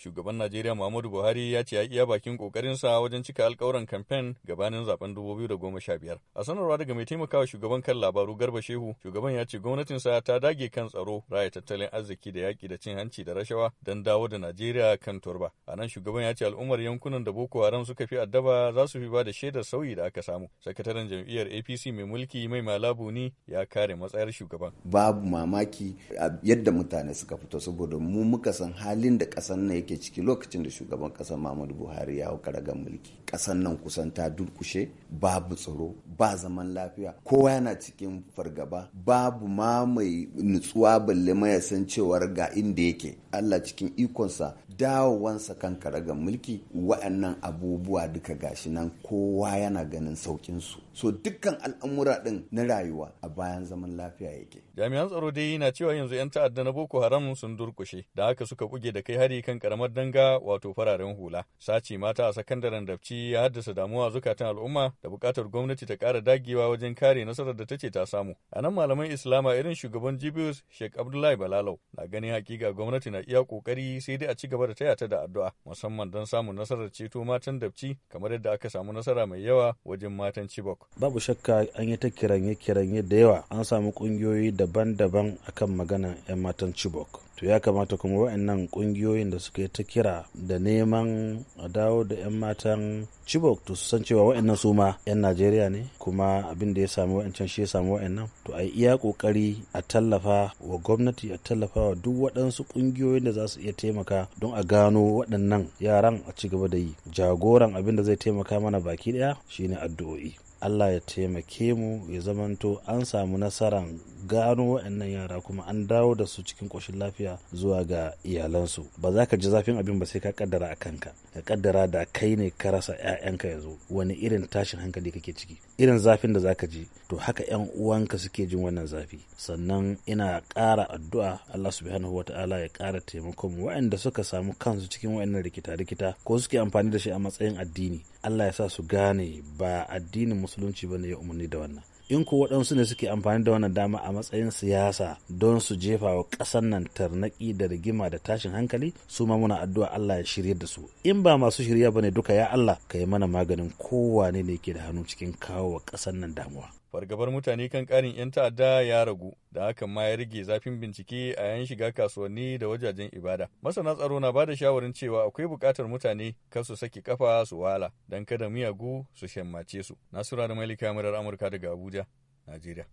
Shugaban Najeriya Muhammadu Buhari ya ce ya iya bakin kokarin sa wajen cika alkawuran kamfen gabanin zaben 2015. A sanarwa daga mai taimakawa shugaban kan labaru Garba Shehu, shugaban ya ce gwamnatin sa ta dage kan tsaro, raya tattalin arziki da yaƙi da cin hanci da rashawa don dawo da Najeriya kan turba. A nan shugaban ya ce al'ummar yankunan da Boko Haram suka fi addaba za su fi ba da shaidar sauyi da aka samu. Sakataren jam'iyyar APC mai mulki mai malabu ni ya kare matsayar shugaban. Babu mamaki yadda mutane suka fito saboda mu muka san halin da ƙasar na yake ake ciki lokacin da shugaban kasar Muhammadu Buhari ya hau karagan mulki. kasar nan kusan ta durkushe babu tsaro ba zaman lafiya kowa yana cikin fargaba babu ma mai nutsuwa balle ma ya san cewar ga inda yake Allah cikin ikonsa dawowansa kan karagan mulki wa'annan abubuwa duka gashi nan kowa yana ganin saukin su so dukkan al'amura din na rayuwa a bayan zaman lafiya yake jami'an tsaro dai na cewa yanzu 'yan ta'adda na boko haram sun durkushe da haka suka buge da kai hari kan karamar kamar danga wato fararen hula. Sace mata a sakandaren dabci ya haddasa damuwa zukatan al'umma da bukatar gwamnati ta kara dagewa wajen kare nasarar da ta ce ta samu. A nan malaman Islama irin shugaban Jibius Sheikh Abdullahi Balalau na ganin hakika gwamnati na iya kokari sai dai a ci gaba da taya ta da addu'a musamman don samun nasarar ceto matan dabci kamar yadda aka samu nasara mai yawa wajen matan Chibok. Babu shakka an yi ta kiranye-kiranye da yawa an samu ƙungiyoyi daban-daban akan maganar 'yan matan Chibok. to ya kamata kuma waɗannan ƙungiyoyin da suka yi ta kira da neman a dawo da 'yan matan chibok to su san cewa waɗannan su ma 'yan najeriya ne kuma abin da ya sami can shi ya sami waɗannan to a yi iya kokari a tallafa wa gwamnati a tallafa wa duk waɗansu ƙungiyoyin da za su iya taimaka don a gano waɗannan yaran a ci gaba da yi jagoran abin da zai taimaka mana baki ɗaya shine addu'o'i Allah ya taimake mu ya zamanto an samu nasaran. gano waɗannan yara kuma an dawo da su cikin koshin lafiya zuwa ga iyalansu ba za ka ji zafin abin ba sai ka kaddara a kanka ka kaddara da kai ne ka rasa 'ya'yanka zo wani irin tashin hankali kake ciki irin zafin da zaka ji to haka 'yan uwanka suke jin wannan zafi sannan ina ƙara addu'a Allah subhanahu wa ya ƙara taimakon waɗanda suka samu kansu cikin waɗannan rikita-rikita ko suke amfani da shi a matsayin addini Allah ya sa su gane ba addinin musulunci bane ya umarni da wannan in ko waɗansu ne suke amfani da wannan dama a matsayin siyasa don su jefa wa ƙasar nan tarnaƙi da rigima da tashin hankali su ma muna addu'a Allah ya shirya da su in ba masu shirya ba ne duka ya Allah ka yi mana maganin kowane ne ke da hannu cikin kawo wa ƙasar nan damuwa. fargabar mutane kan ƙarin 'yan ta'adda ya ragu da hakan ma ya rage zafin bincike a yan shiga kasuwanni da wajajen ibada masana tsaro na ba da shawarin cewa akwai buƙatar mutane kar su saki kafa su wala don kada miyagu su shammace su nasura da malika murar amurka daga abuja najeriya